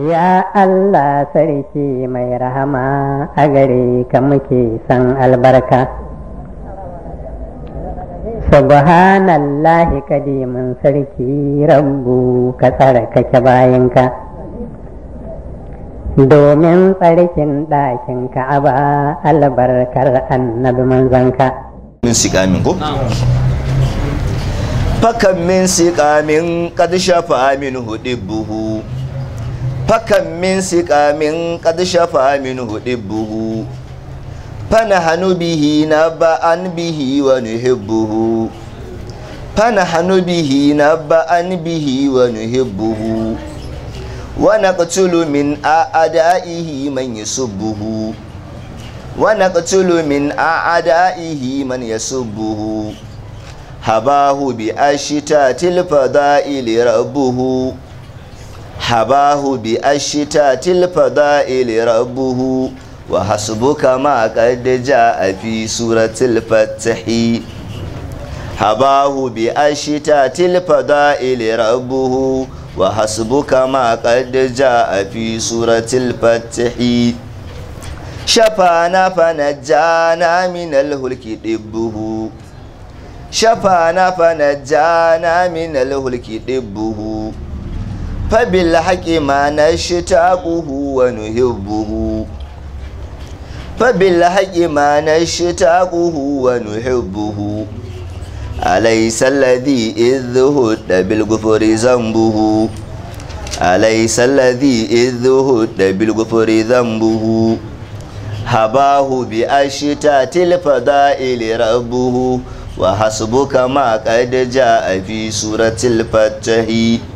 Ya Allah sarki mai rahama a gare ka muke san albarka. Subhanallahi kadimin sarki rabbu ka tsara kake bayanka. Domin tsarkin ɗakin ka'aba albarkar annabi manzanka. Min min ko? Fakan min siƙamin kad shafa min hudu buhu. fakan min siƙamin qad shafa buhu Fana hannu bihi an bihi wa Fana hannu bihi an bihi wa nuhibbuhu wa naqtulu min a'ada'ihi man yasubbuhu wa naqtulu min a'ada'ihi man yasubbuhu habahu bi ashitatil fada'ili rabuhu habahu bi ashita tilfada ili rabbuhu wa hasbuka ma qad jaa fi suratil fatihi habahu bi ashita tilfada ili rabbuhu wa hasbuka ma qad jaa fi suratil fatihi shafana fanajjana min alhulki dibbuhu shafana fanajjana min alhulki dibbuhu fabil haƙi ma na shi taƙuhu wani fabil haƙi ma na shi wani hibbuhu alaisalladi izuhu da bilgufuri zambuhu alaisalladi izuhu da bilgufuri zambuhu habahu bi a shi ta tilfada ilirabuhu wa hasbuka ma ƙadija a fi suratul fatahi.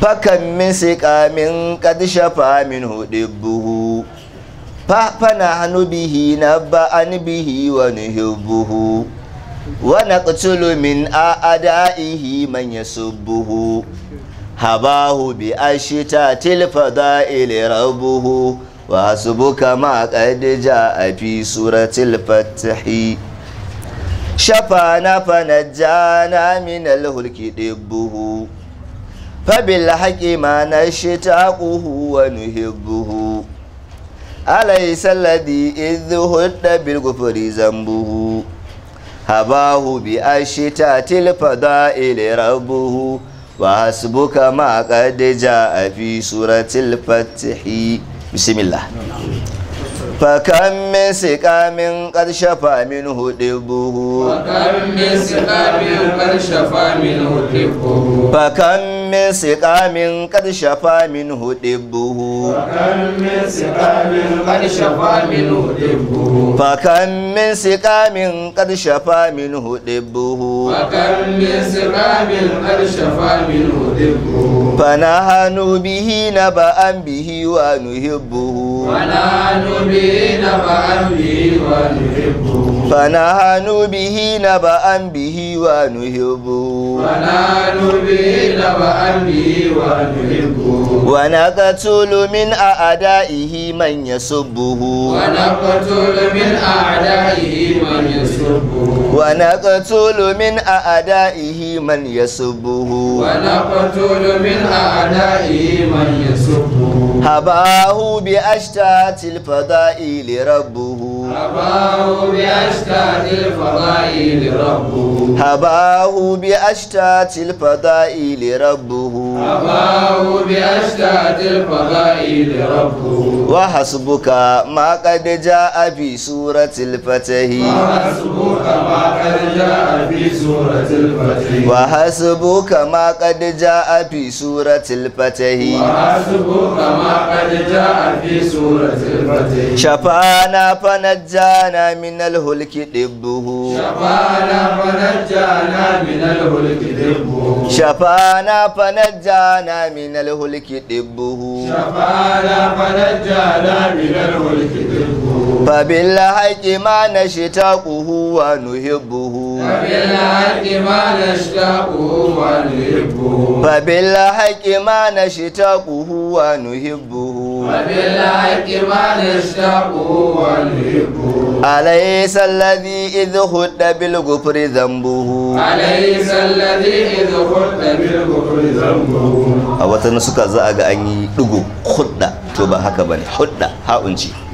fakan min siƙamin qad shafa minhu dibbuhu fafana hannu bihi na ba'an bihi wa nuhibbuhu wa naqtulu min a'da'ihi man habahu bi ashita tilfa da'ili rabuhu wa hasbuka ma qad a fi suratil na shafana min al fabil haƙi ma na shi ta ƙuhu wa nuhi buhu alaisaladi izu hudu bilgufuri buhu ha ba bi a shi ta tilfa da ile rabuhu wa su ma a ƙadija a fi sura tilfa tihi bismillah fakan min su ƙamin ƙarshe famin hudu buhu min siqamin kad shafa min hudibuhu fa kam min siqamin kad shafa min hudibuhu fa kam min siqamin kad shafa min bihi bihi wa nuhibbuhu Bana hannu biyi na ba'an an biyi wa nuhu ko. Bana hannu na ba an wa nuhu Wana katolomin a ada ihi man ya Wana katolomin a ada ihi man ya Wana katolomin a ada ihi man ya Wana katolomin a ada ihi man ya so boko. Hababahu biashita til faga ilirabu. Hababahu biashita til بأشتات الفضائل ربه هباه بأشتات الفضائل ربه هباه بأشتات الفضائل ربه وحسبك ما قد جاء في سورة الفتح وحسبك ما قد جاء في سورة الفتح وحسبك ما قد جاء في سورة الفتح وحسبك ما قد جاء في سورة الفتح شفانا فنجانا من الهلك دبه شفانا فنجانا من الهلك دبه شفانا فنجانا من الهلك دبه شفانا فنجانا من الهلك دبه Ba bi la hakima shita ku huwa nuhibbu. Ba bi la shita ku huwa nuhibbu. Ba bi la hakima na shita ku huwa nuhibbu. Alayi salladi izi huda bilgo firizin buhu. Alayi salladi izi huda bilgo firizin buhu. A watanni suka za a ga an yi digu hudda, to ba haka bane hudda ha'unci.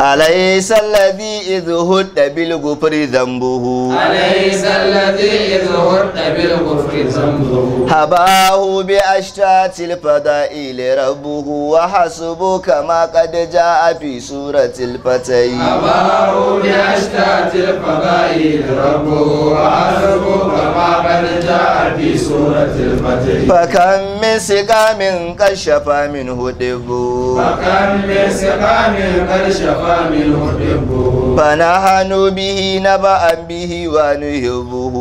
أليس الذي إذ هد بالغفر ذنبه أليس الذي إذ هد بالغفر ذنبه هباه بأشتات الفضائل ربه وحسبه كما قد جاء في سورة الفتي هباه بأشتات الفضائل ربه وحسبه كما قد جاء في سورة الفتي فكم من سقام قد شفى منه دبو فكم من سقام قد شفى فنحن به نبأ به ونهبه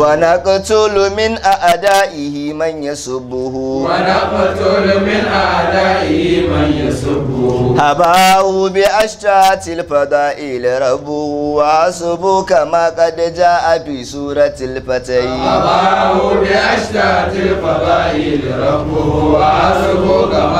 ونقتل من أعدائه من يسبه ونقتل من أعدائه من يسبه هباه بأشتات الفضائل ربه وعصبه كما قد جاء في سورة الفتي هباه بأشتات الفضائل ربه وعصبه كما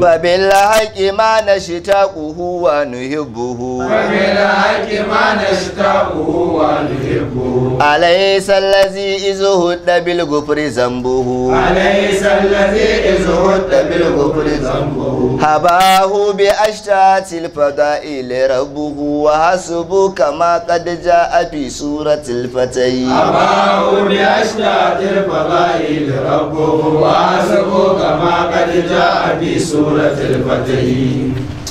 Fabila haƙi ma na shi ta ƙuhu wa nuhibbuhu. Fabila haƙi ma na shi ta ƙuhu wa nuhibbuhu. Alayhi sallazi izu huɗa bil gufuri zambuhu. Alayhi sallazi izu huɗa bil gufuri zambuhu. Habahu bi ashta tilfaga ile rabuhu wa hasubu kama kad ja a fi sura tilfatai. Habahu bi ashta tilfaga ile rabuhu wa hasubu kama kad ja a fi sura To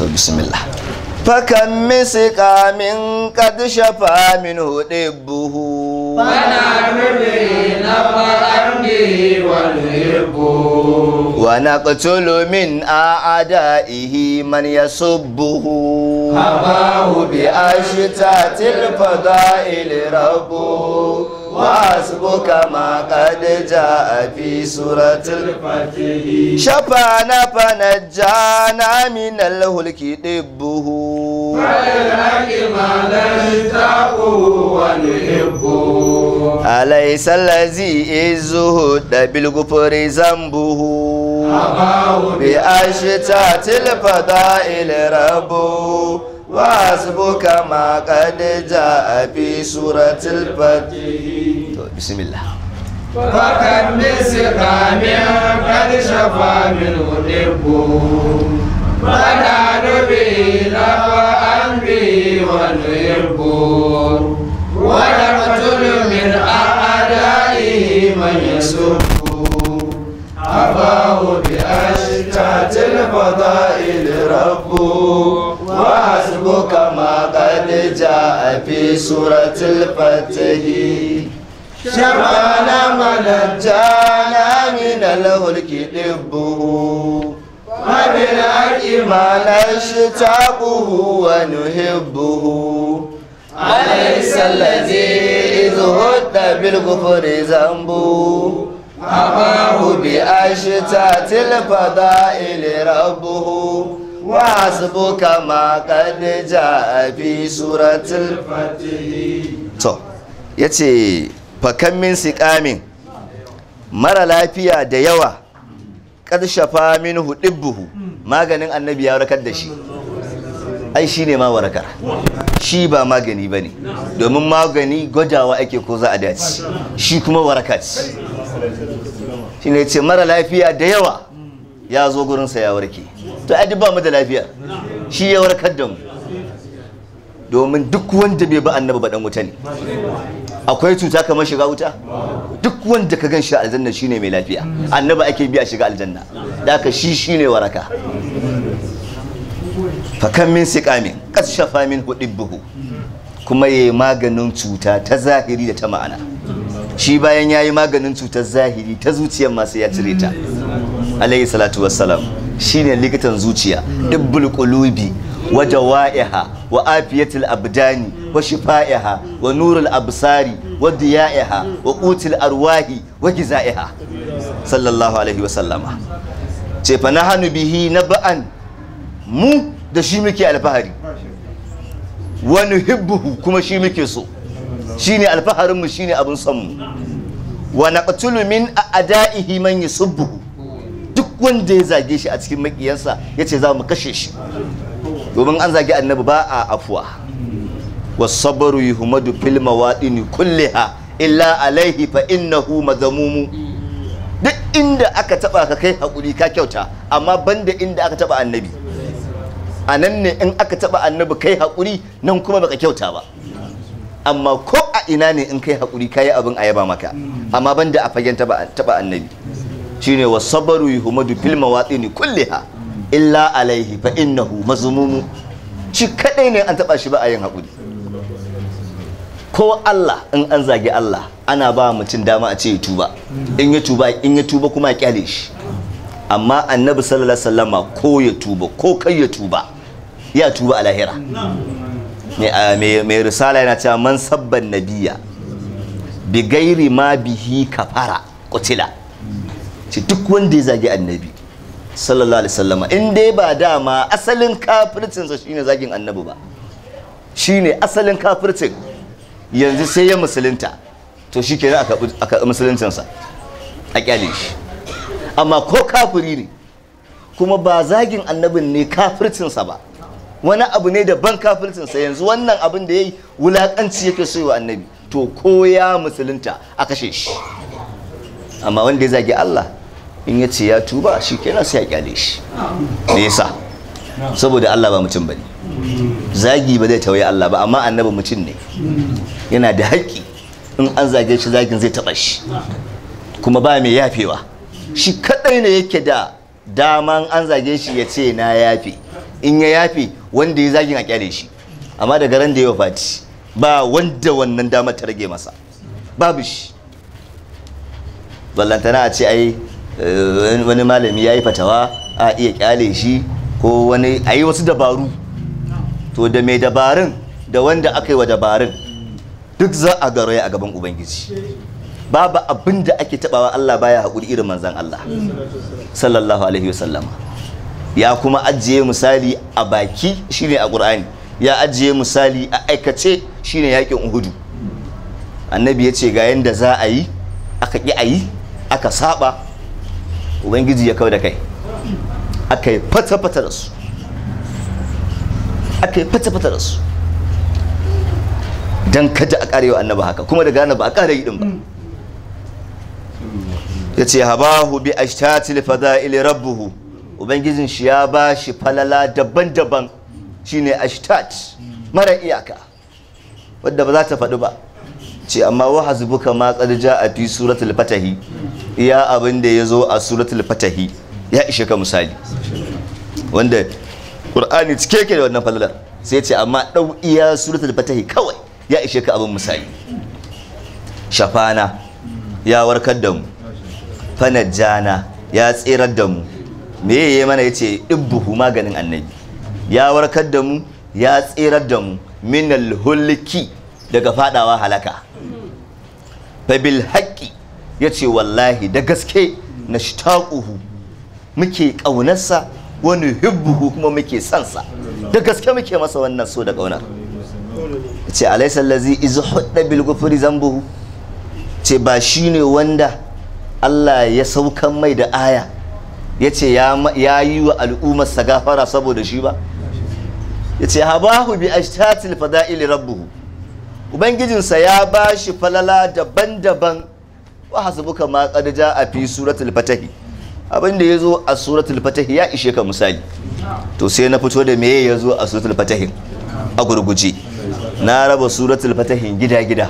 bismillah. Fakan misika min kad shafa min hudibuhu. Fana rubi na farangi wal hibbu. Wa naqtulu min a'adaihi man yasubbuhu. Habahu bi ashtatil fada'il rabbuhu. وحسبك ما قد جاء في سورة الفتح شفانا فنجانا من الهلك دبه فللحق ما نشتاقه ونحبه أليس الذي الزهد بالغفر ذنبه بأشتات الفضائل ربه وحسبك ما قد جاء في سورة الفتح بسم الله فقد مسك من قد شفى منه لبه فنال به له أن به ونربه ونقتل من أعدائه من يسبه أباه بأشهر ذات الفضائل رب وحسبك ما قد جاء في سورة الفتح شمال من جانا من الهلك لبه وبالحق ما نشتاقه ونحبه أليس الذي إذ هد بالكفر ذنبه حماه بأشتات الفضائل ربه وحسبك ما قد جاء في سورة الفتح yace fakan min siƙamin mara lafiya da yawa ƙarshafa min hudibbuhu maganin annabi ya warkar da shi ai shi ne ma warakar shi ba magani ba ne domin magani gwajawa ake ko a dace shi kuma waraka shi ne ce mara lafiya da yawa ya zo gurinsa ya warke to ai ba mu da lafiya shi ya warkar da mu domin duk wanda bai ba annabi ba dan wuta ne akwai cuta kamar shiga wuta duk wanda ka gan shi aljanna shine mai lafiya annabi ake bi a shiga aljanna da shi shine waraka fakan min siƙamin ƙasashe min buhu kuma yayi maganin cuta ta zahiri da ta ma'ana shi bayan ya yi maganin cutar zahiri ta zuciyar masu ya cire ta alayhi salatu wassalam shine likitan zuciya dubbul qulubi wa jawaiha wa afiyatul abdani wa shifaiha wa nurul absari wa diyaiha wa qutil arwahi wa gizaiha sallallahu alaihi wasallama ce fa nahanu bihi naba'an mu da shi muke alfahari wani hibbuhu kuma shi muke so shine alfaharin mu shine abin son mu wa naqtulu min a'da'ihi man yusubbu duk wanda ya zage shi a cikin makiyansa yace za mu kashe shi domin an zage annabi ba a afuwa sabru yuhmadu fil mawadini kulliha illa alaihi fa innahu madhamumu duk inda aka taba ka kai hakuri ka kyauta amma banda inda aka taba annabi a nan ne in aka taba annabi kai hakuri nan kuma baka kyauta ba amma ko a ina ne in kai haƙuri kayi abin a yaba maka amma banda a fagen taba annabi shine wa sabaru yuhmadu fil kulle kulliha illa alaihi fa innahu mazmumu shi kadai ne an taba shi ba a yin hakuri. ko Allah in an zagi Allah ana ba mutum dama a ce ya tuba in ya tuba in ya tuba kuma ya kyale shi amma annabi sallallahu alaihi wasallama ko ya tuba ko kai ya tuba ya tuba a lahira mai risala yana cewa man sabban nabiya bi gairi ma bihi kafara kutila ce duk wanda ya zagi annabi sallallahu alaihi sallama in dai ba dama asalin kafircinsa shine zagin annabi ba shine asalin kafircin yanzu sai ya musulunta to shi ke aka musuluncinsa a kyale shi amma ko kafiri ne kuma ba zagin annabin ne kafircinsa ba wani abu ne da ban kafircinsa yanzu wannan abin da ya yi wulaƙanci yake so wa annabi to ko ya musulunta a kashe shi amma wanda ya zagi Allah in ya ce ya tuba shi kenan sai ya kyale shi me yasa saboda Allah ba mutum bane zagi ba zai tawaye Allah ba amma annabi mutum ne yana da haƙƙi in an zage shi zagin zai taɓa shi kuma ba mai yafewa shi kadai ne yake da daman an zage shi ya ce na yafe in ya yafe wanda ya zagin a kyale shi amma daga ran da ya wafati ba wanda wannan dama ta rage masa babu shi ballantana a ce ai eh, wani malami ya yi fatawa a iya kyale shi ko wani a yi wasu dabaru to da mai dabarun da wanda aka yi wa dabarun duk za a garoya a gaban ubangiji babu abin da ake tabawa Allah baya haƙuri irin manzan Allah sallallahu alaihi wasallama ya kuma ajiye misali a baki shine a ƙur'ani ya ajiye misali a aikace shine yakin uhudu annabi ya ce ga yanda za a yi aka ƙi a yi aka saba ubangiji ya kawo da kai aka yi fata-fata da su aka yi fata-fata da su don kada a karewa annaba haka kuma da gane ba a kare din ba ya ce habahu bi ashtatil fada'il rabbuhu ubangijin shi ya ba shi falala daban-daban shine ashtat mara iyaka wadda ba za ta faɗi ba ce amma wa hasbuka ma qad a fi suratul fatahi iya abin da ya zo a suratul fatahi ya ishe ka misali wanda qur'ani cike yake da wannan falalar sai ce amma dau iya suratul fatahi kawai ya ishe ka abin misali shafana ya warkar da mu fanajjana ya tsirar da mu me yayi mana yace buhu maganin annabi ya warkar da mu ya tsirar da mu minal hulki daga fadawa halaka bil haqqi yace wallahi da gaske na shtaquhu muke kaunarsa wani hibbuhu kuma muke sansa da gaske muke masa wannan so da kaunar ce alaysa lazi izu hudda bil gufuri zambuhu ce ba shine wanda Allah ya saukan mai da aya ya ce ya yi wa al'ummar sa gafara saboda shi ba ya ce hu bi ashtatil fada'il rabbuhu ubangijinsa ya ba shi falala daban-daban wa hasbuka ma qad a fi suratul fatahi abinda ya zo a suratul fatahi ya ishe ka misali to sai na fito da meye zo a suratul fatahi a gurguje na raba suratul fatahin gida-gida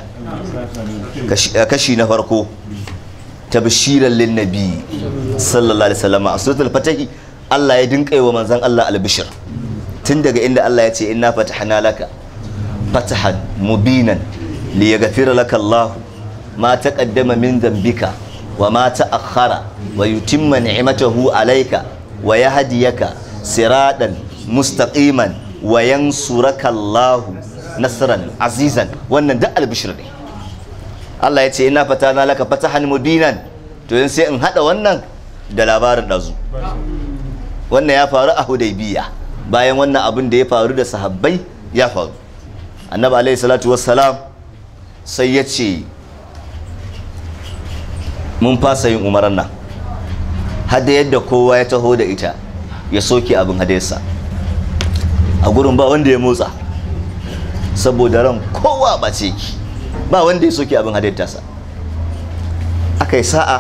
kashi na farko tabshiran lin nabi sallallahu alaihi wasallam a suratul fatahi Allah ya dinka wa manzon Allah albishir tun daga inda Allah ya ce inna fatahna laka fatahan mubinan liyaghfira laka Allah ma taqaddama min dhanbika wa ma ta'akhkhara wa yutimma ni'matahu alayka wa yahdiyaka siradan mustaqiman wa yansuraka Allah nasran azizan wannan da albishir ne Allah ya ce ina fata na laka fatahan mubinan to yin sai in hada wannan da labarin dazu wannan ya faru a Hudaybiya bayan wannan abin da ya faru da sahabbai ya faru annabi alaihi salatu wassalam sai ya ce mun fasa yin umaran nan hada yadda kowa ya taho da ita ya soke abin hadayarsa a gurin ba wanda ya motsa saboda ran kowa ba ce ki ba wanda ya soke abin halittarsa aka yi sa'a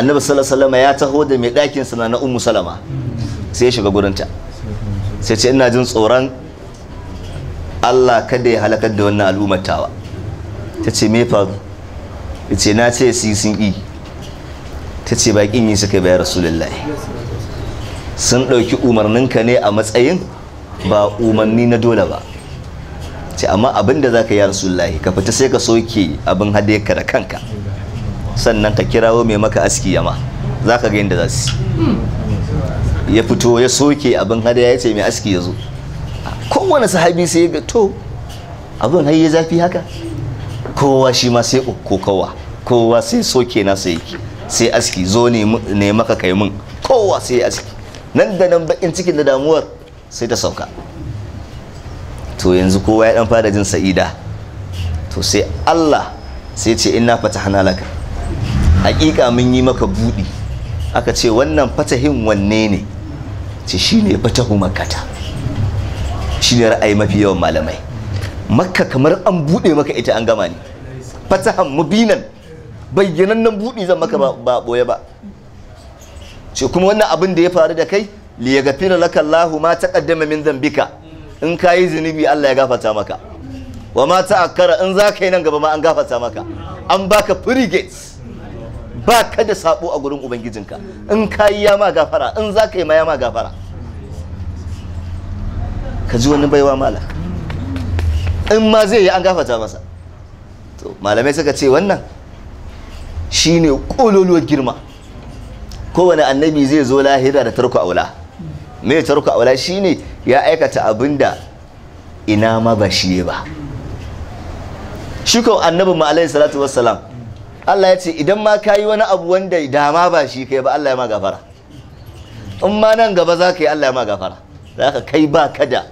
annabi sallallahu ya taho da mai ɗakin sana na ummu salama sai ya shiga gurinta sai ce ina jin tsoron Allah kada ya halakar da wannan al'ummar tawa ta ce me faru ta na ce si sun yi ta ce baƙin yi suka bayar rasulullahi sun ɗauki umarninka ne a matsayin ba umarni na dole ba ce amma abin da za ka yi rasulullahi ka fita sai ka soke abin ka da kanka sannan ka kirawo mai maka aski yama za ka ga yadda za su ya fito ya soke abin hada ya ce mai aski ya zo kowane sahabi sai ga to abin har zafi haka kowa shi ma sai kowa kowa sai soke na sai sai aski zo ne maka kai mun kowa sai aski nan da nan bakin cikin da damuwar sai ta sauka to yanzu kowa ya dan fara jin sa'ida to sai Allah sai ce inna fatahna laka hakika mun yi maka budi aka ce wannan fatahin wanne ne ce shine fatahu makkata shine ra'ayi mafi yawan malamai makka kamar an bude maka ita an gama ne fatahan mubinan bayyanannen budi zan maka ba boye ba ce kuma wannan abin da ya faru da kai liyagafira laka Allahu ma taqaddama min dhanbika in ka yi zunubi Allah ya gafata maka wa ma ta'akkara in za ka yi nan gaba ma an gafata maka an baka free gates ba ka da sabo a gurin ubangijinka in ka yi ya ma gafara in za ka yi ma ya ma gafara ka ji wani baiwa mala in ma zai yi an gafata masa to malamai suka ce wannan shine kololuwar girma kowane annabi zai zo lahira da tarko aula me tarku aula shine ya aikata abinda ina ma ba shi ba shi ko annabi mu alaihi salatu wassalam Allah ya ce idan ma kayi wani abu wanda dama ba shi kai ba Allah ya ma gafara in ma nan gaba za ka yi Allah ya ma gafara za ka kai ba ka da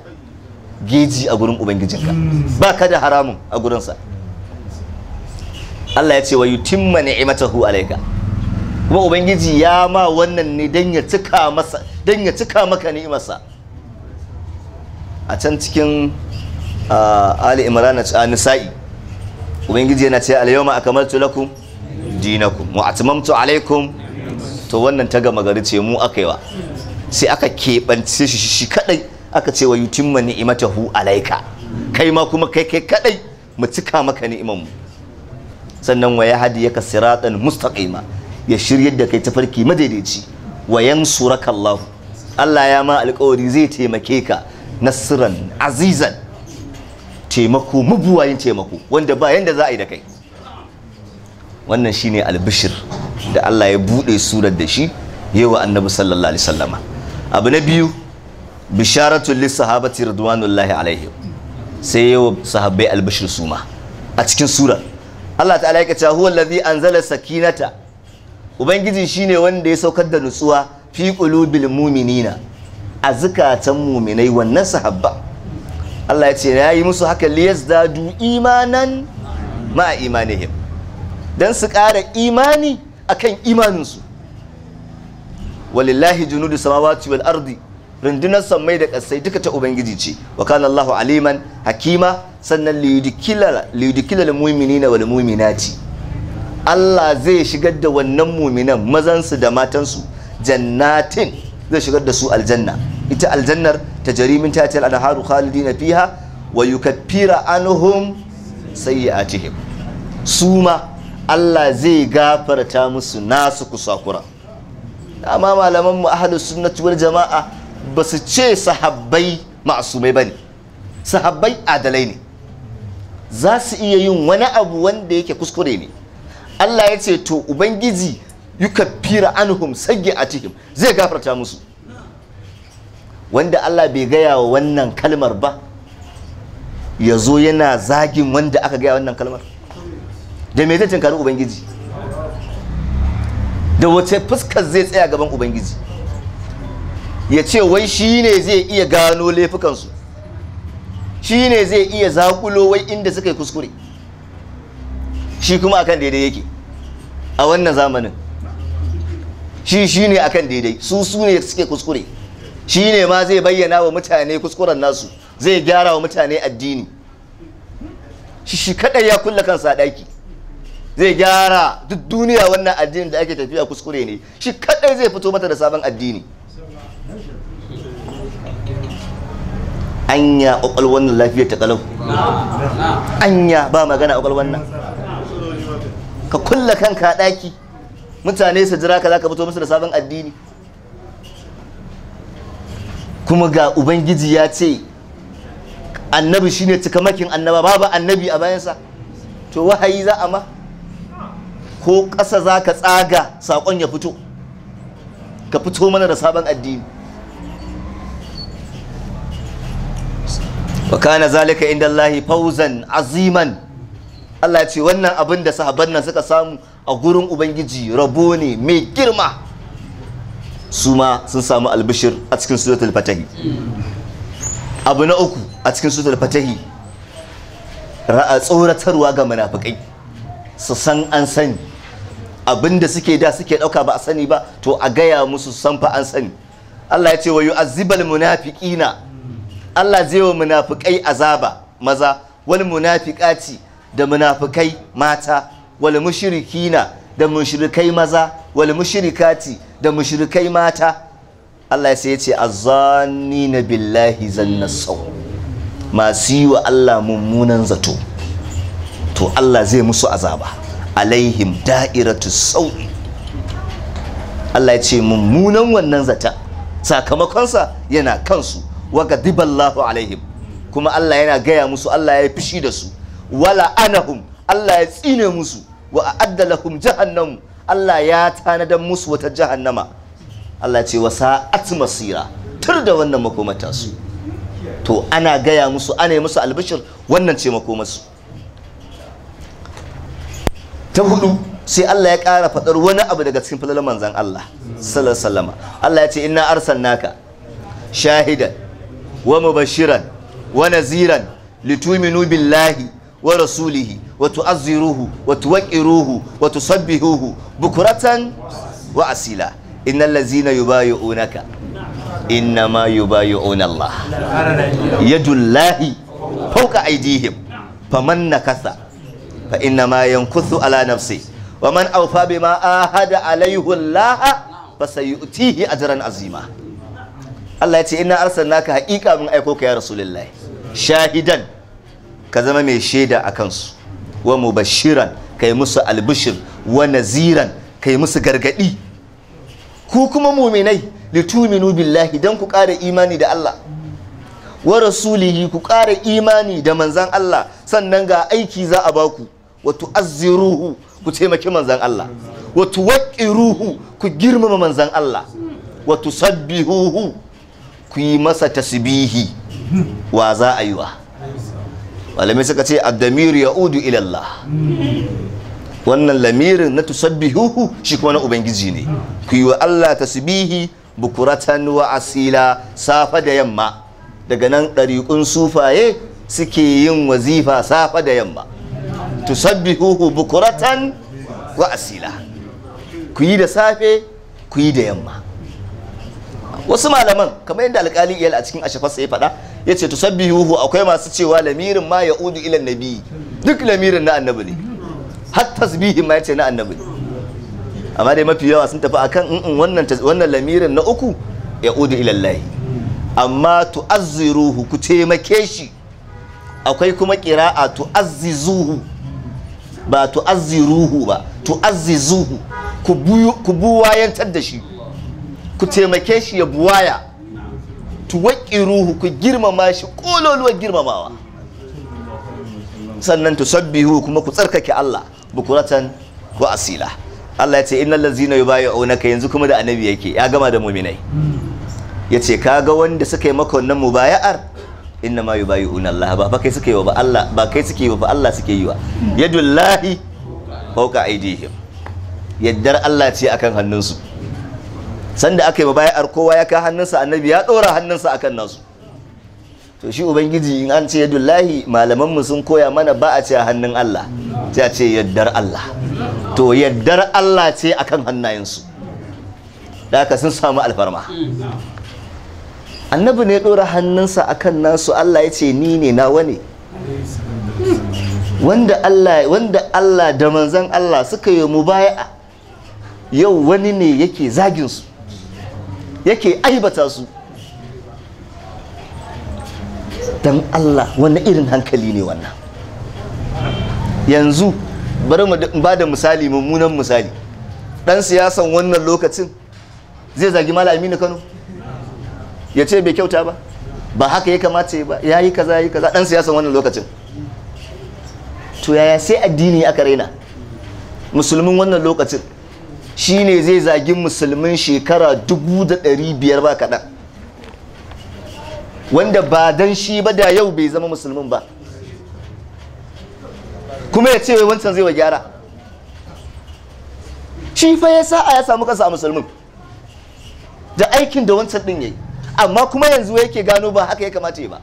geji a gurin ubangijinka ba ka da haramun a gurinsa Allah ya ce wa yutimma ni'imatahu alayka kuma ubangiji ya ma wannan ne dan ya cika masa don ya cika maka ni'imarsa a can cikin ali imran a nisa'i ubangiji yana ce alyawma akamaltu lakum dinakum wa atmamtu alaikum to wannan ta gama gari ce mu aka sai aka keɓance shi shi kadai aka ce wa yutimma ni'imatahu alaika kai ma kuma kai kai kadai mu cika maka ni'imanmu mu sannan wa ya yaka siratan mustaqima ya shiryar da kai tafarki madaidaici wa yansuraka Allah ya ma alƙawari zai taimake ka nasiran azizan taimako mabuwayin taimako wanda ba yanda za a yi da kai wannan shine albishir da Allah ya buɗe surar da shi yawa annabi sallallahu alaihi sallama abu na biyu bisharatun lissahabati ridwanullahi alaihim sai yawa sahabbai albishir suma a cikin surar Allah ta'ala ya kace huwa allazi anzala sakinata ubangiji shine wanda ya saukar da nutsuwa fi qulubil mu'minina a zukatan mu'minai wannan sahabba Allah ya ce na yi musu haka liyazdadu imanan ma imanihim don su ƙara imani akan imaninsu walillahi junudu samawati wal ardi rundunar sammai da ƙasai duka ta ubangiji ce wa kana Allahu aliman hakima sannan liyudkilal mu'minina wal mu'minati Allah zai shigar da wannan mu'minan mazansu da matansu jannatin zai shigar da su aljanna ita aljannar ta jarimin ta ce alharu khalidina fiha wa yukaffira anhum sayyi'atihim su ma Allah zai gafarta musu nasu kusakura amma malaman mu ahlus sunnati wal jama'a ba su ce sahabbai ma'sumai bane sahabbai adalai ne za su iya yin wani abu wanda yake kuskure ne Allah ya ce to ubangiji yukaffira anhum sayyi'atihim zai gafarta musu wanda Allah bai gaya wa wannan kalmar ba ya zo yana zagin wanda aka gaya wannan kalmar da me zai tunkari ubangiji da wace fuskar zai tsaya gaban ubangiji ya ce wai shi ne zai iya gano laifukansu shi ne zai iya zakulo wai inda suka yi kuskure shi kuma akan daidai yake a wannan zamanin shi shi ne akan daidai su su ne suke kuskure shi ne ma zai bayyana wa mutane kuskuren nasu zai gyara wa mutane addini shi shi kadai ya kulla kansa daki zai gyara duk duniya wannan addinin da ake tafiya kuskure ne shi kadai zai fito mata da sabon addini anya ƙwaƙwal wannan lafiyar ta ƙalau anya ba magana ƙwaƙwal wannan ka kulla kanka daki mutane su jira ka zaka fito musu da sabon addini kuma ga ubangiji ya ce annabi shine cikamakin annaba babu annabi a bayansa to wahayi za a ma ko kasa za ka tsaga sakon ya fito ka fito mana da sabon addini wa kana zalika inda Allahi fauzan aziman Allah ce wannan abin da sahabban nan suka samu a gurin ubangiji rabo ne mai girma su ma sun samu albishir a cikin suratul fatahi abu na uku a cikin suratul fatahi ra'a tsoratarwa ga munafikai su san an sani da suke da suke dauka ba a sani ba to a gaya musu san fa an sani Allah ya ce wa yu'azzibal munafiqina Allah zai wa munafikai azaba maza wal munafiqati da munafikai mata Wali mushrikina da mushrikai maza Wali mushrikati da mushrikai mata Allah sai ya ce na billahi zannasau masu yi wa Allah mummunan zato to Allah zai musu azaba alaihim da'iratu sau'i Allah ya ce mummunan wannan zata sakamakonsa yana kansu wa gadiballahu alaihim kuma Allah yana gaya musu Allah ya fishi da su wala anahum Allah ya tsine musu wa a'adda lahum jahannam Allah ya tanadan musu wata jahannama Allah ce wa sa'at masira tur da wannan makomata su to ana gaya musu ana yi musu albishir wannan ce makomarsu ta hudu sai Allah ya ƙara faɗar wani abu daga cikin falalar manzan Allah sallallahu Allah ya ce inna arsalnaka shahidan wa mubashiran wa naziran litu'minu billahi wa rasulihi wa tu'azziruhu wa tuwaqqiruhu wa tusabbihuhu bukuratan wa asila innal ladzina yubayyi'unaka inna ma yubayyi'una Allah yadullahi fawqa aydihim faman nakasa fa inna ma yankuthu ala nafsi wa man awfa bima ahada alayhi Allah fasayutihi ajran azima Allah ya ce inna arsalnaka haqiqa mun aiko ka ya rasulullahi shahidan ka zama mai shaida a kansu wa mubashiran kai musu albishir wa naziran kai musu gargadi ku kuma muminai lituminu billahi dan ku ƙara imani da Allah wa rasulihi ku ƙara imani da manzan Allah sannan ga aiki za a baku wa tu'azziruhu ku taimaki manzan Allah wa tuwaqqiruhu ku girmama manzan Allah wa tusabbihuhu ku yi masa tasbihi wa za a yi wa malamai suka ce addamir ya'udu ila Allah wannan lamirin na tusabbihuhu shi kuma na ubangiji ne ku yi wa Allah tasbihi bukuratan wa asila safa da yamma daga nan ɗariƙun sufaye suke yin wazifa safa da yamma tusabbihuhu bukuratan wa asila ku yi da safe ku yi da yamma wasu malaman kamar yadda alƙali iyal a cikin ashafarsa ya faɗa Ya yace tusabbihuhu akwai masu cewa lamirin ma ya udu ilan nabi duk lamirin na annabi ne har tasbihin ma ya ce na annabi ne amma dai mafi yawa sun tafi akan in wannan wannan lamirin na uku udu ilan lahi amma tu'azziruhu ku taimake shi akwai kuma qira'a tu'azzizuhu ba tu'azziruhu ba tu'azzizuhu ku buwayantar da shi ku taimake shi ya buwaya ruhu ku girmama shi kololuwar girmamawa sannan tusabbihu kuma ku tsarkake Allah bukuratan wa asila Allah ya ce innal ladzina ka yanzu kuma da annabi yake ya gama da mu'minai yace kaga wanda suka yi maka wannan mubaya'ar inna ma yubayi'una Allah ba ba kai suka yi wa ba Allah ba kai suke yi wa ba Allah suke yi wa yadullahi fawqa aidihim yaddar Allah ce akan hannunsu sanda aka yi bayar kowa ya ka hannunsa annabi ya ɗora hannunsa akan nasu to shi ubangiji in an ce yadullahi malaman mu sun koya mana ba a ce hannun Allah ta ce yaddar Allah to yaddar Allah ce akan hannayensu da sun samu alfarma annabi ne ɗora hannunsa akan nasu Allah ya ce ni ne nawa ne wanda Allah wanda Allah da manzon Allah suka yi mubaya'a yau wani ne yake zagin su yake aibata su dan Allah wani irin hankali ne wannan yanzu bari mu ba da misali mummunan misali dan siyasan wannan lokacin zai zagi mala aminu kano ya ce bai kyauta ba ba haka ya kamata ba ya yi kaza ya yi kaza dan siyasan wannan lokacin to yaya sai addini aka raina musulmin wannan lokacin shine zai zagi musulmin shekara dubu da ɗari biyar ba kaɗan wanda ba dan shi ba da yau bai zama musulmin ba kuma ya ce wai wancan zai wa gyara shi fa ya sa'a ya samu kasa a musulmin da aikin da wancan din yi amma kuma yanzu yake gano ba haka ya kamata ya ba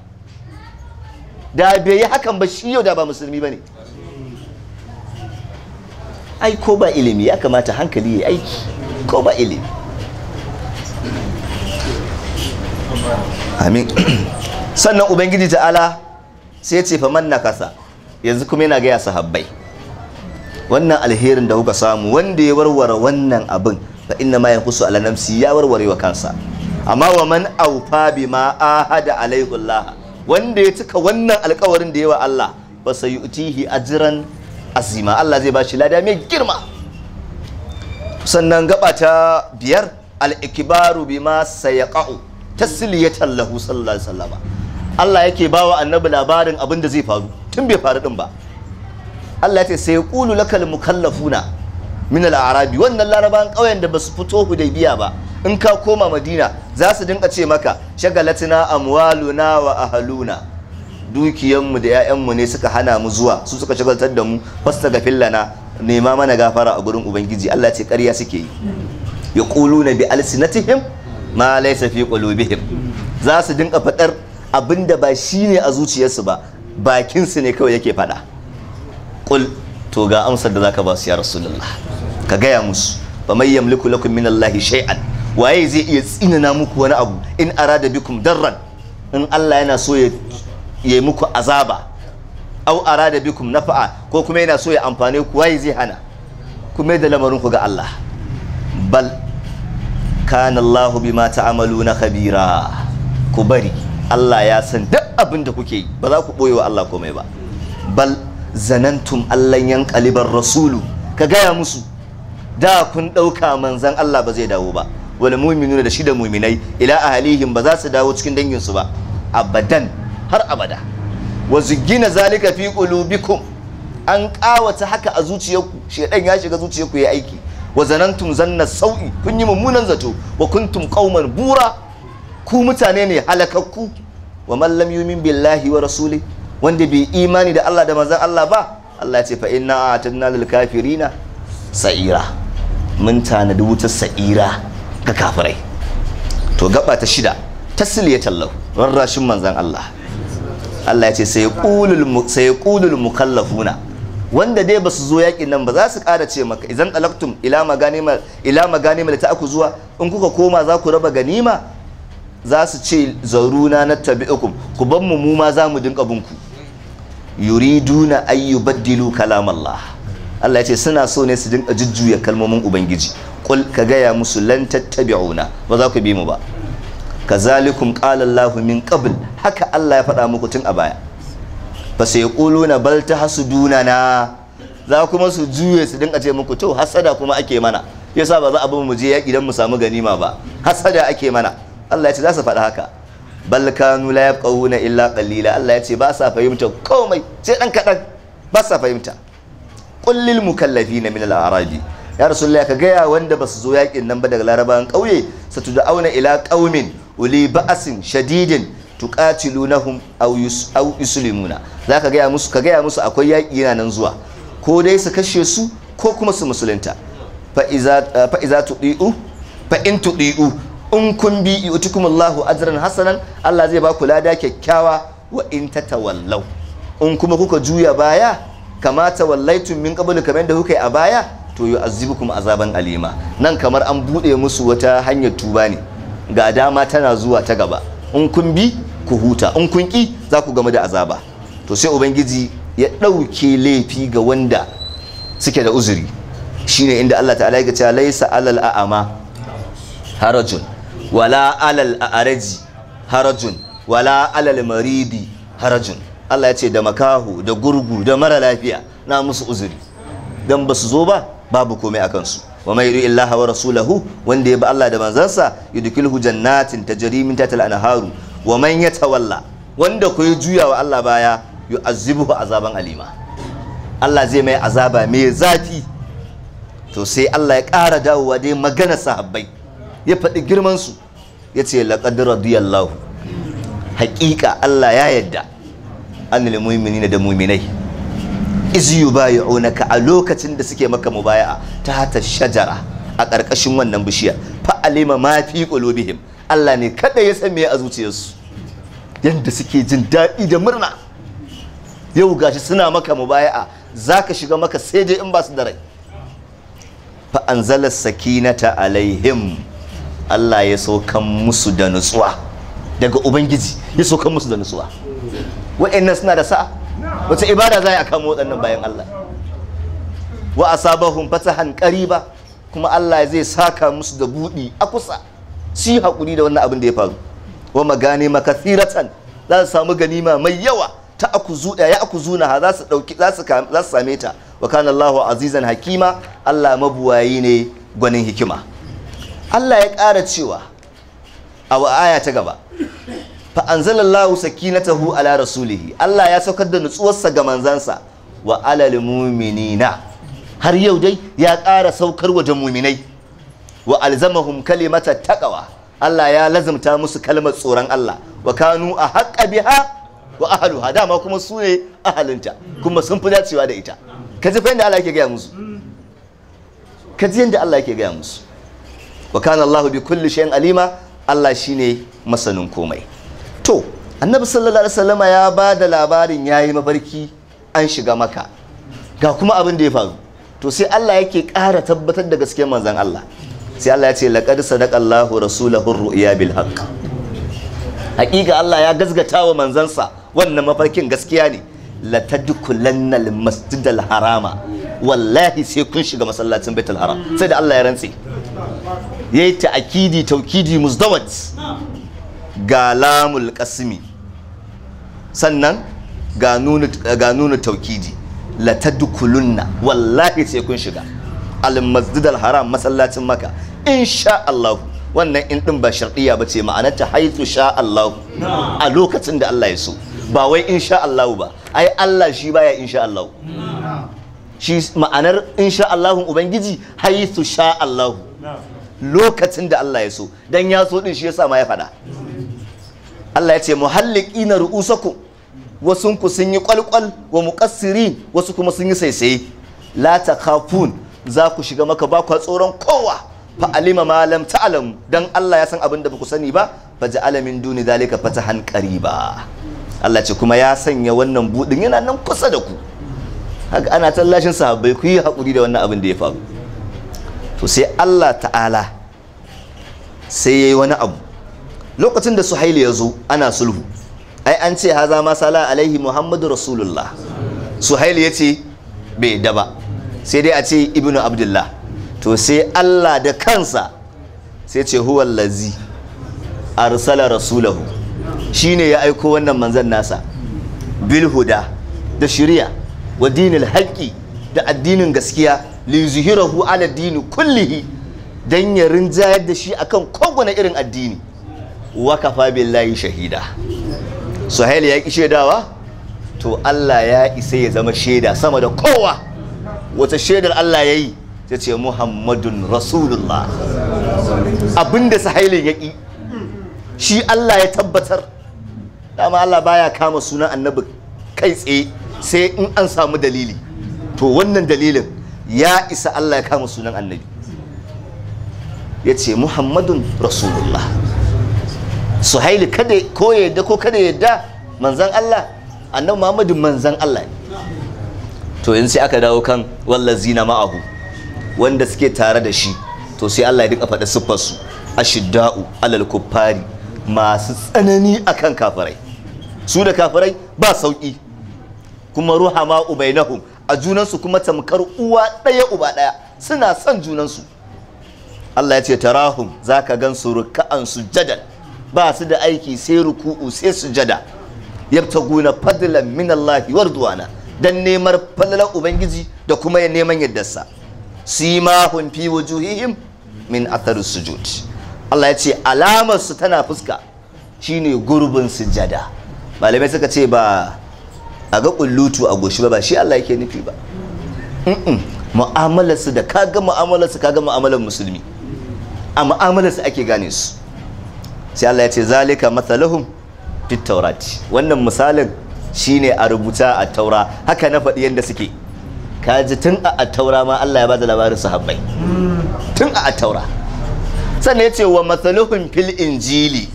da bai yi hakan ba shi yau da ba musulmi ba ne ai ko ba ilimi ya kamata hankali ya aiki ko ba ilimi amin sannan ubangiji ta'ala sai ce fa man nakasa yanzu kuma yana gaya sahabbai wannan alherin da kuka samu wanda ya warware wannan abin fa inna ma yankusu ala nafsi ya warware wa kansa amma wa man aufa bima ahada alaihullah wanda ya cika wannan alkawarin da ya wa Allah fa sayutihi ajran azima Allah zai bashi lada mai girma sannan gaba ta biyar al-ikbaru bima sayaqa'u tasliyatan lahu sallallahu alaihi wasallam Allah yake bawa annabi labarin abin da zai faru tun bai faru din ba Allah ya ce sai yaqulu lakal mukallafuna min al-arabi wannan laraban kauyen da basu fito hudaybiya ba in ka koma madina za su dinka ce maka shagalatina amwaluna wa ahluna dukiyanmu da 'ya'yanmu ne suka hana mu zuwa su suka shagaltar da mu fasta ga fillana nema mana gafara a gurin ubangiji Allah ce ƙarya suke yi ya na bi alsinatihim ma laisa fi qulubihim za su dinka faɗar abinda ba shi ne a zuciyarsu ba bakinsu ne kawai yake faɗa ƙul to ga amsar da zaka ba su ya rasulullah ka gaya musu ba mai yamliku lakum min allahi shay'an waye zai iya tsinana muku wani abu in arada bikum darran in Allah yana so ya ya muku azaba au arada bikum nafa'a ko kuma yana so ya amfane ku wai zai hana kuma da lamarin ku ga Allah bal kana Allah bima ta'amaluna khabira ku bari Allah ya san duk abin da kuke yi ba za ku boye wa Allah komai ba bal zanantum Allah yan kalibar rasulu ka gaya musu da kun ɗauka manzan Allah ba zai dawo ba wal mu'minuna da shida da mu'minai ila ahalihim ba za su dawo cikin danginsu ba abadan har abada wa zigina zalika fi qulubikum an kawata haka a zuciyarku shedan ya shiga zuciyarku ya aiki wa zanantum zanna sau'i kun yi mummunan zato wa kuntum qauman bura ku mutane ne halakakku wa man lam yu'min billahi wa rasuli wanda bai imani da Allah da manzon Allah ba Allah ya ce fa inna atanna lil kafirina sa'ira mun tanadi wutar sa'ira ga kafirai to gaba ta shida tasliyatan lahu rarrashin manzon Allah Allah ya ce sai kulul mukallafuna wanda dai basu zo yakin nan ba za su ƙara ce maka idan talaktum ila maganima ila maganima da ta aku zuwa in kuka koma za ku raba ganima za su ce zaruna na tabi'ukum ku ban mu mu ma za mu dinka bunku yuriduna ayyubaddilu kalam Allah Allah ya ce suna so ne su dinka jujjuya kalmomin ubangiji kul ka gaya musu lan tattabi'una ba za ku bi mu ba kazalikum qala Allahu min qabl haka Allah ya fada muku tun a baya fa sai yaquluna bal tahsuduna na za kuma su juye su dinga ce muku to hasada kuma ake mana yasa ba za a bi mu je yaki dan mu samu ganima ba hasada ake mana Allah ya ce za su faɗa haka bal kanu la yafqahuna illa qalila Allah ya ce ba sa fahimta komai sai dan kadan ba sa fahimta kullil mukallafina min al-arabi ya rasulullah ka gaya wanda basu zo yakin nan ba daga larabawan kauye satu da auna ila qaumin uli ba'asin shadidin tuqatilunahum aw aw yuslimuna zaka ya musu ka gaya musu akwai yaki yana nan zuwa ko dai su kashe su ko kuma su musulunta fa iza fa iza tudiu fa in tudiu in kun bi yutukumullahu ajran hasanan Allah zai ba ku lada kyakkyawa wa in tatawallau in kuma kuka juya baya kamata wallaitun min qablu kamar yadda kuka yi a baya to yu'azzibukum azaban alima nan kamar an bude musu wata hanyar tuba ne ga dama tana zuwa ta gaba in kun bi ku huta in kun ki za ku gamu da azaba to sai ubangiji ya ɗauke laifi ga wanda suke da uzuri shine inda Allah ta'ala ya ce laisa alal a'ama harajun wala alal a'araji harajun wala alal maridi harajun Allah ya ce da makahu da gurgu da mara lafiya na musu uzuri dan ba su zo ba babu komai a kansu wa mai yuri illaha wa rasulahu wanda ya bi Allah da manzansa yudkilhu jannatin tajri min jarimin al-anharu wa ya tawalla wanda ku juya wa Allah baya yu'azzibuhu azaban alima Allah zai mai azaba mai zafi to sai Allah ya ƙara dawowa dai magana sahabbai ya faɗi girman su ya ce laqad radiyallahu haƙiƙa Allah ya yadda muhimmini mu'minina da mu'minai izu yubayi'unaka a lokacin da suke maka mubaya'a ta hata shajara a ƙarƙashin wannan bishiya fa alima ma fi qulubihim Allah ne kada ya san me a zuciyarsu yanda suke jin daɗi da murna yau gashi suna maka mubaya'a zaka shiga maka sai dai in ba su da rai fa anzala sakinata alaihim Allah ya saukan musu da nutsuwa daga ubangiji ya saukan musu da nutsuwa wa'annan suna da sa'a wace ibada za a kama waɗannan bayan Allah wa asabahum fatahan qariba kuma Allah zai saka musu da buɗi a kusa si hakuri da wannan abin da ya faru wa magani makathiratan za su samu ganima mai yawa ta akuzu ya akuzuna za su dauki za su za su same ta wa kana Allahu azizan hakima Allah mabuwayi ne gwanin hikima Allah ya ƙara cewa a aya ta gaba fa anzalallahu sakinatahu ala rasulihi Allah ya saukar da nutsuwarsa ga manzansa wa alal mu'minina har yau dai ya ƙara saukar wa mu'minai wa alzamahum kalimata taqwa Allah ya lazumta musu kalmar tsoron Allah wa kanu a haqqa biha wa ahluha dama kuma su ne ahalinta kuma sun fi dacewa da ita ka ji fa Allah yake gaya musu ka ji yadda Allah yake gaya musu wa kana Allahu bi kulli shay'in alima Allah shine masanin komai annabi sallallahu alaihi wasallam ya ba da labarin yayi yi mafarki an shiga maka ga kuma abin da ya faru to sai Allah yake ƙara tabbatar da gaskiyar manzan Allah sai Allah ya ce laqad sadaqallahu rasulahu ru'ya bil haqq haƙiƙa Allah ya gazgata wa manzansa wannan mafarkin gaskiya ne la tadkhulanna al masjidal harama wallahi sai kun shiga masallacin baitul haram sai da Allah ya rantse yayi akidi taukidi muzdawat ga lamul kasmi sannan ga nuna taukidi la dukulunna wallahi sai kun shiga al masjid al haram masallacin maka sha Allah wannan in din ba ba ce ma'anarta haitu sha Allah a lokacin da Allah ya so ba wai sha Allah ba ai Allah shi baya sha Allah shi ma'anar sha Allah ubangiji haitu sha Allah lokacin da Allah ya so dan ya so din shi yasa ma ya faɗa Allah ya ce muhalliqina ru'usakum wasun ku sun yi kwalkwal wa muqassirin wasu kuma sun yi saisaye la takhafun za ku shiga maka ba ku tsoron kowa fa alima ma lam ta'lam dan Allah ya san abin da baku sani ba fa ja'ala min duni zalika fatahan qariba Allah ce kuma ya sanya wannan budin yana nan kusa da ku haka ana tallashin sahabbai ku yi hakuri da wannan abin da ya faru to sai Allah ta'ala sai yayi wani abu lokacin da suhaili ya zo ana sulhu ai an ce haza ma sala alaihi muhammadu rasulullah suhaili ya ce bai da ba sai dai a ce ibnu abdullah to sai allah da kansa sai ce huwallazi arsala rasulahu shine ya aiko wannan manzan nasa bilhuda da shirya wa dinil haƙƙi da addinin gaskiya li zuhirahu ala dini kullihi dan ya rinjayar da shi akan kowane irin addini wakafa kafa billahi shahida suhail ya ki shaidawa to Allah ya isa ya zama shaida sama da kowa wata shaidar Allah ya yi ta ce Muhammadun Rasulullah abinda sahailin ya ƙi shi Allah ya tabbatar dama Allah baya kama sunan annabi kai tsaye sai in an samu dalili to wannan dalilin ya isa Allah ya kama sunan annabi ya ce Muhammadun Rasulullah suhaili kada ko yadda ko kada yadda manzan Allah Annan Muhammadu manzan Allah to in sai aka dawo kan wallazina ma'ahu wanda suke tare da shi to sai Allah ya duka faɗa siffar su ashidda'u alal kuffari masu tsanani akan kafirai su da kafirai ba sauki kuma ruhama ubainahum a junansu kuma tamkar uwa ɗaya uba ɗaya suna son junansu Allah ya ce tarahum zaka gan su ruka'an sujjadan ba su da aiki sai ruku'u sai sujada yabtaguna fadlan min Allah ridwana dan neman fadlan ubangiji da kuma ya neman yaddarsa simahun fi wujuhihim min athar sujud Allah ya ce alamar su tana fuska shine gurbin sujada malamai suka ce ba a ga kullutu a goshi ba ba shi Allah yake nufi ba mu'amalarsu da kaga mu'amalarsu kaga mu'amalar musulmi a mu'amalarsu ake gane su sai Allah ya ce zalika mathaluhum fit taurati wannan misalin shine a rubuta a taura haka na faɗi yadda suke kaji tun a taura ma Allah ya bada labarin sahabbai tun a taura sannan ya ce wa mathaluhum fil injili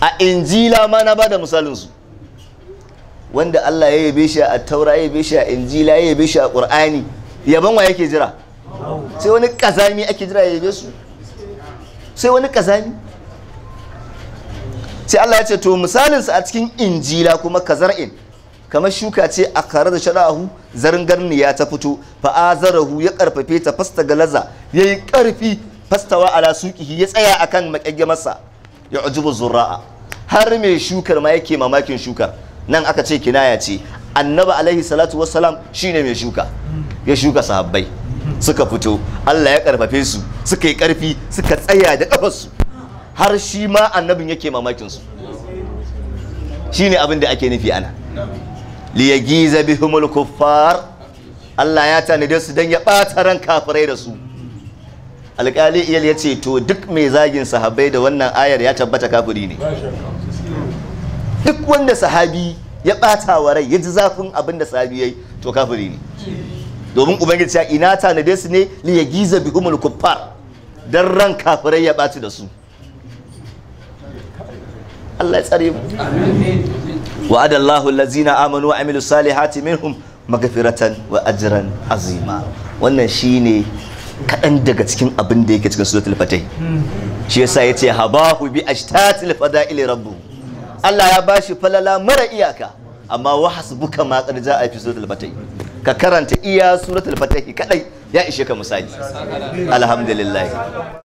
a injila ma na bada misalin su wanda Allah ya yabe shi a taura ya yabe shi a injila ya yabe shi a qur'ani yaban wa yake jira sai wani kazami ake jira ya yabe su sai wani kazami sai Allah ya ce to misalin su a cikin injila kuma kazar'in kamar shuka ce a kare da shada'ahu zarin ya ta fito fa'azarahu ya karfafe ta fasta galaza yayi yi karfi fastawa ala suqihi ya tsaya akan masa ya ujubu zurra'a har me shukar ma yake mamakin shukar nan aka ce kinaya ce annabi alaihi salatu wassalam shine mai shuka ya shuka sahabbai suka fito Allah ya karfafe su suka yi karfi suka tsaya da kafarsu har shi ma annabin yake mamakin su shine abin da ake nufi ana li yagiza humul kuffar Allah ya da su don ya ɓata ran kafirai da su alƙali iyal ya ce to duk mai zagin sahabbai da wannan ayar ya tabbata kafiri ne duk wanda sahabi ya ɓata wa rai ya ji zafin abin da sahabi ya yi to kafiri ne domin ubangiji ya ina tanade su ne li ya giza bihumul kuffar don ran kafirai ya ɓaci da su Allah ya tsare mu wa adallahu allazina amanu wa amilu salihati minhum magfiratan wa ajran azima wannan shine kaɗan daga cikin abin da yake cikin suratul fatih shi yasa yace habahu bi ashtatil fada'il rabbu Allah ya bashi falala mara iyaka amma wa hasbuka ma qad ja'a fi suratul fatih ka karanta iya suratul fatih kadai ya ishe ka misali alhamdulillah